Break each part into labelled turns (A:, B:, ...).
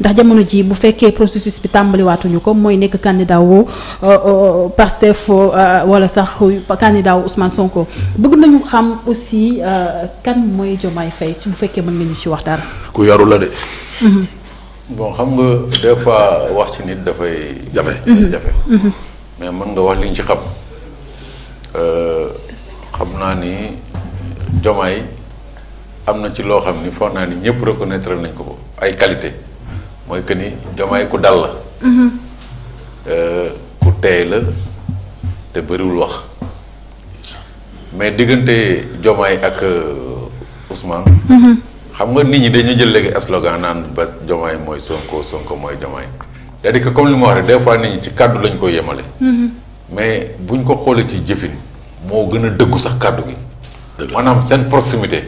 A: ndax jamono ji bu fekkee processus bi tàmbaliwaatuñu ko mooy nekk candidat wu euh, euh, Pastef euh, wala sax candidat wu Sonko bëgg nañu xam aussi kan mooy Diomaye Faye ci fekkee mën nga ci wax dara. ku mhm.
B: xam nga des wax mhm. Mhm. mais mën nga wax li ñu ci xam xam naa ni Diomaye am na ci loo xam ni foog naa ni ñëpp reconnaître nañ ko ay qualité mooy que ni Diomaye ku dal la. Mm-hmm. Euh, ku teey la te bëriwul wax. mais diggante Diomaye ak euh, Ousmane. Mm-hmm. xam nga nit ñi dañu jël léegi slogan naan ba Diomaye mooy Sonko Sonko mooy Diomaye. c'est-à-dire que comme li ma wax rek des fois nit ñi ci kàddu lañ koy yemale. Mm-hmm. mais buñ ko xoolee ci jëfin moo gën a dëggu sax kàddu gi. maanaam seen proximité.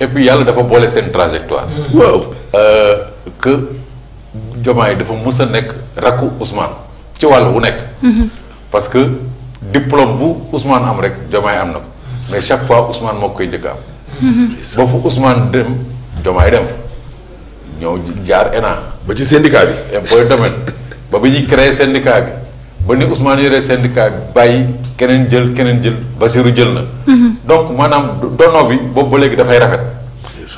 B: et puis yàlla dafa boole seen trajectoire. waaw euh, que. yi dafa mës a nekk rakku Ousmane ci wàll wu nekk. Mhm. parce que diplôme bu Ousmane am rek Diomaye am na ko. mais chaque fois Ousmane moo koy njëkk a am. Mhm. ba fu Ousmane dem Diomaye dem ñëw jaar ENA. ba ci syndicat bi. booy domaine ba bi ñuy créé syndicat bi ba ni Ousmane yore syndicat bi bàyyi keneen jël keneen jël Basirou jël na. Mhm. donc maanaam donnoo bi boobu ba léegi dafay rafet.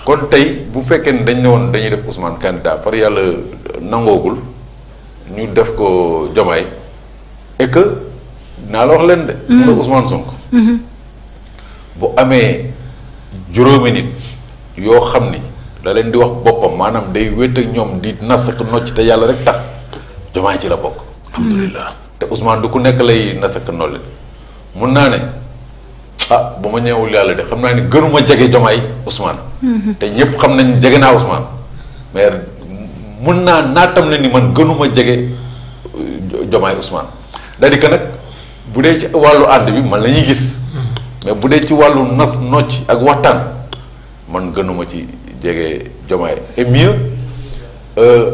B: kon tey bu fekkee ne dañ ne woon dañuy def Ousmane candidat far yàlla nangoogul ñu def ko Diomaye et que naa la wax leen de. gis nga mm-hmm. Ousmane Sonko. Mm-hmm. bu amee juróomi nit yoo xam ni da leen di wax boppam maanaam day wéet ak ñoom di nas ak nocc te yàlla rek tax Diomaye ci la bokk. alhamdulilah te Ousmane du ku nekk lay nas ak nolli mun naa ne. ah ba ma ñeewul yàlla de xam naa ne gënuma jege Diomaye Ousmane.
C: Mhm. te ñëpp
B: xam nañ jege naa Ousmane mais mun naa naatam na ni man gënuma jege euh, Diomaye Ousmane cest à que nag bu dee ci wàllu ànd bi man la ñuy gis. Mhm. mais bu dee ci wàllu nas nocc ak waxtaan man gënuma ci jege Diomaye et mieux euh,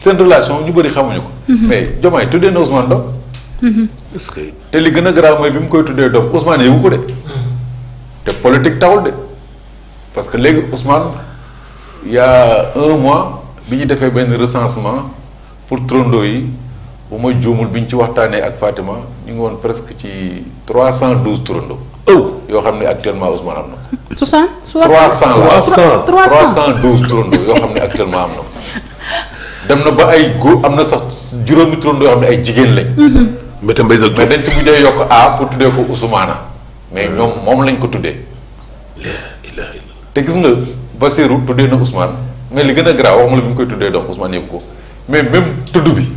B: seen relation ñu bari xamuñu ko. Mhm. mais Diomaye tuddee na Ousmane Doom. Mm-hmm. est-ce que te li gën a garaaw mooy bi mu koy tuddee doom Ousmane yëgu ko de. Mm-hmm. te politique taxul de parce que léegi Ousmane il y un mois bi ñu defee benn recensement pour trondo yi bu ma juumul bi ñu ci waxtaanee ak Fatima ñu ngi woon presque ci trois cent douze trondo. Oh! yoo xam ne actuellement Ousmane am
C: na. soixante soixante trois cent trois
B: cent douze yoo xam ne actuellement am na dem na ba ay góor am na sax juróomi trondo yoo xam ne ay jigéen lañ. Mm-hmm. Mbete Mbaye Diop mais dañ ci mujjee yokk A pour tuddee ko Ousmane mais ñoom moom lañ ko tuddee. te gis nga Basirou tuddee na Ousmane mais li gën a grave wax mu la bi ñu koy tuddee doom Ousmane yëg ko mais même tudd bi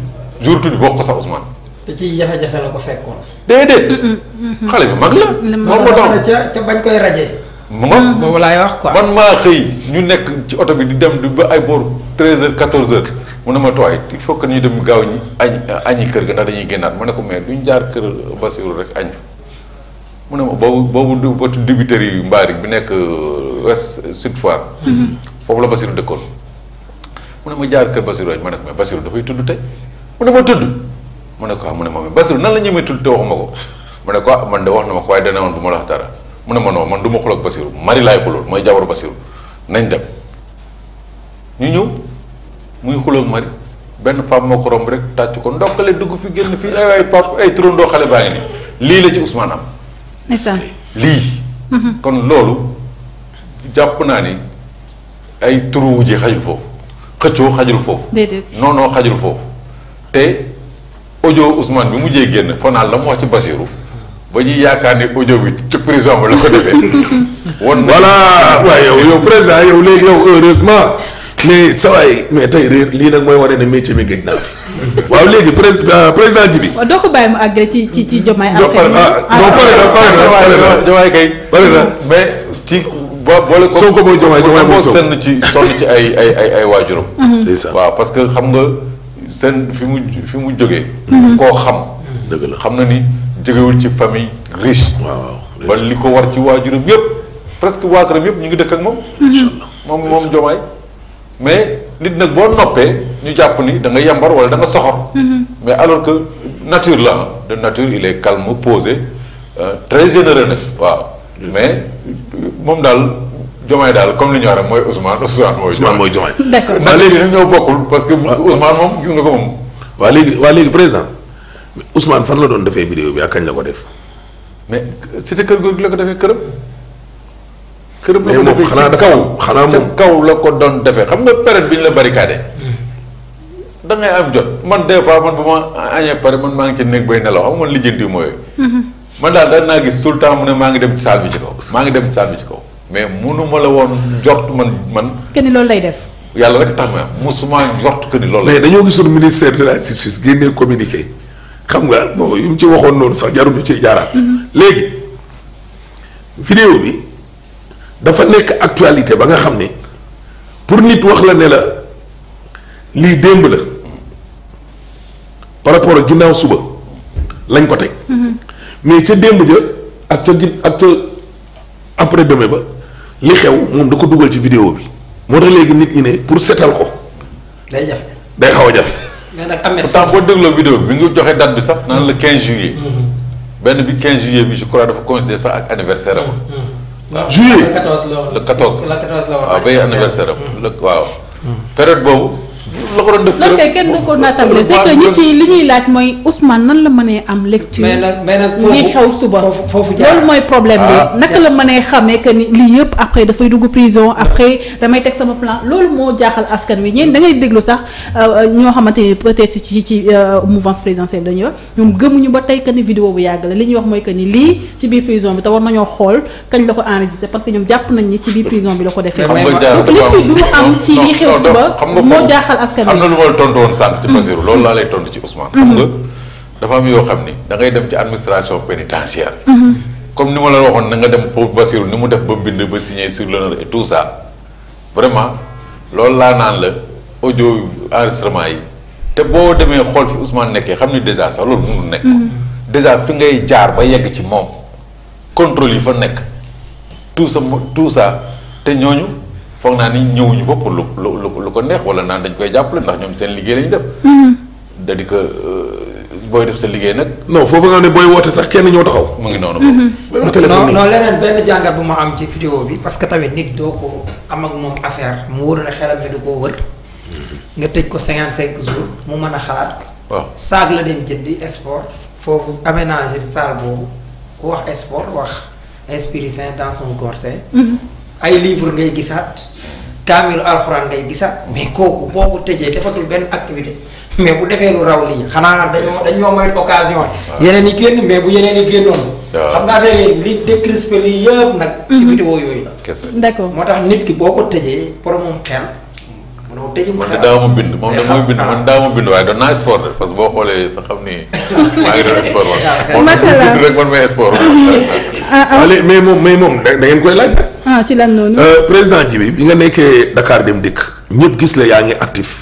B: jour tudd bokk ko sax Ousmane. te ci
A: jafe-jafe la ko fekkoon. déedéet. xale bi mag la. moom la doon ca ca bañ koy rajee.
B: man boobu laay wax quoi man maa xëy ñu nekk ci oto bi di dem di ba ay booru treize heures quatorze heures mu ne ma tooy il faut que ñu dem gaaw ñi añ añi kër ga ndax dañuy génnaat ma ne ko mais duñ jaar kër Bassirou rek añ mu ne ma boobu boobu batu dibiteri yu mbaari bi nekk euh, Ouest Sud Foire mhm. foofu la Bassirou dëkkoon mu ne ma jaar kër Bassirou añ ma ne ko mais Bassirou dafay tudd tey mu ne ma tudd mu ne ko ah mu ne ma mais Bassirou nan la ñemee tudd te waxuma ko mu ne ko ah man de wax na ma ko waaye dana woon bu ma la wax dara mu ne ma non man du ma xuloo ak Basiru mari laay xulool mooy jabaru Basiru nañ dem ñu ñëw muy xuloo ak mari benn femme moo ko romb rek tàcc ko ndokkale dugg fi génn fii ay ay pap ay turandoo xale baa ngi nii lii la ci Ousmane am.
C: ndeysaan lii. Mhm.
B: kon loolu jàpp naa ni ay turu ji xajul foofu xëccoo xajul foofu. noonu noonoo xajul foofu te audio Ousmane bi mujjee génn fanaan la mu wax ci Basiru ba ñuy yaakaar ne audio bi. prison ba la ko defee.
A: woon voilà waaye yow yow président yow léegi yow heureusement sa waay mais tey lii nag mooy wane ne métier mi gëj naa léegi euh, président ji bi. waaw doo ko bàyyi mu àggale ci ci ci Diomaye. am ah, pare na kay pare na mais
B: ci. boo boole ko Sonko mooy Diomaye Diomaye mooy Sonko senn ci sonn ci ay ay ay ay waajuram. Mhm. waaw parce que xam nga seen fi mu fi mu jógee. Mhm. koo xam. dëgg la xam na ni jógewul ci famille riche. waaw. ba li ko war ci waajuram yëpp presque waa këram yëpp ñu ngi dëkk ak moom. moom moom jomaay mais nit nag boo noppee ñu jàpp ni da nga yambar wala da nga soxor. Mm-hmm. mais alors que nature la de nature il est calme posé euh, très généreux nag waaw. mais moom daal jomaay daal comme li ñu wax rek mooy Ousmane Ousmane mooy. Ousmane mooy jomaay. d'accord ndax léegi nag ñoo
A: bokkul parce que. Ousmane moom gis nga ko moom. waa léegi waa léegi président Ousmane fan la doon defee vidéo bi ak kañ la ko def.
B: mais cité kër googu la ko defee këram. këram la ko defee ci kaw xanaa ca kaw la ko doon defee xam nga période bi ñu la barricadé. Hmm. da ngay am jot man des fois man bu ma añee pare man maa ngi ci néeg bay nelaw xam nga man lijjanti mooy. Hmm. man daal daan naa gis tout le temps mu ne maa ngi dem ci salle bi ci kaw maa ngi dem ci salle bi ci kaw mais munu ma la woon jort man man.
C: kenn loolu lay def.
B: yàlla rek tax na musuma jort que ni loolu. mais dañoo
A: gisoon ministère de la justice communiqué. xam nga bon yu mu ci waxoon noonu sax jarul ñu ciy jaaraat. Mm-hmm. léegi vidéo bi dafa nekk actualité ba nga xam ne pour nit wax la ne la lii démb la par rapport ak ginnaaw suba lañ ko teg. Mm-hmm. mais ca démb ja ak ca gin ak ca après demain ba li xew moom du ko dugal ci vidéo bi moo tax léegi nit ñi ne pour seetal ko. day jafe day xaw a jafe. mais nag am na. pourtant boo bi nga joxe date bi sax naan la 15 juillet. Mm-hmm.
B: benn bi 15 juillet bi je crois dafa coïncider sax ak anniversaire am. waaw mm-hmm. juillet le 14 la woon la ah, mm-hmm. waaw béy période boobu.
A: la ko doon def. loolu kay kenn du ko naatable c'est que ñi ci li ñuy laaj mooy Ousmane nan la mënee am lecture. mais nag mais nag foofu ah. ni lii yëpp après dafay dugg prison après moo jaaxal askan wi ñeen da déglu sax euh, ñoo xamante ni peut-être ci ci euh, mouvance présidentielle dañuy wax ñoom gëmuñu ba tey que ni vidéo bu yàgg la li ñuy wax mooy que ni lii ci biir prison bi te war nañoo xool kañ la ko enregistré parce que ñoom jàpp nañ ni ci biir prison bi la ko defee. donc lépp du am ci li xew suba moo jaaxal askan am na lu
B: ma tontu woon sànq ci Basiru mm. loolu laa lay tontu ci Ousmane. xam nga dafa am yoo xam ni da ngay dem ci administration pénitentiaire mm-hmm. comme ni ma la waxoon na nga dem pour Basiru ni mu def ba bind ba signé sur l'honneur et tout ça vraiment loolu laa naan la audio enregistrement yi te boo demee xool fi Ousmane nekkee xam ni déjà sax loolu mënul nekk. Mm-hmm. déjà fi ngay jaar ba yegg ci moom contrôle yi fa nekk tout ça tout ça te ñooñu foog naa ni ñëwuñu fa pour lu lu lu ko neex wala naan dañ koy jàppale ndax ñoom seen liggéey la def. Mm-hmm. da di ko euh, booy def sa liggéey nag.
A: non foofu nga ne booy woote sax kenn ñoo taxaw. mu ngi noonu. Mm-hmm. booy woote non non leneen benn jàngat bu ma am ci bi parce que tamit nit doo ko affaire mu wóor na xelam ne koo wër mm-hmm. nga tëj ko 55 jours mën a xalaat. waaw la dem jëndi sport foofu aménager salle boobu ku wax sport wax esprit sain dans son corps sain. ay livre ngay gisaat. kaamilu alxuraan ngay gisaat mais kooku boo ko tëjee defatul benn activité mais bu defee lu raw lii xanaa dañoo dañoo may occasion ah. yeneen yi génn mais bu yeneen yi génnoon. Ah. xam nga affaire yi li décrisper lii yëpp nag. ci mhm. vidéo yooyu la. d'accord moo tax nit ki boo ko tëjee pour moom xel. mënoo tëju daaw
B: ma bind moom da mooy bind man daaw ma bind waaye doon naa sport de parce que boo xoolee sa xam ni maa ngi doon sport
A: moom bind rek man may sport ah, ah. mais moom mais moom da ngeen koy laaj ah ci lan noonu euh, président Djibi bi nga nekkee Dakar dem dikk ñëpp gis la yaa ngi actif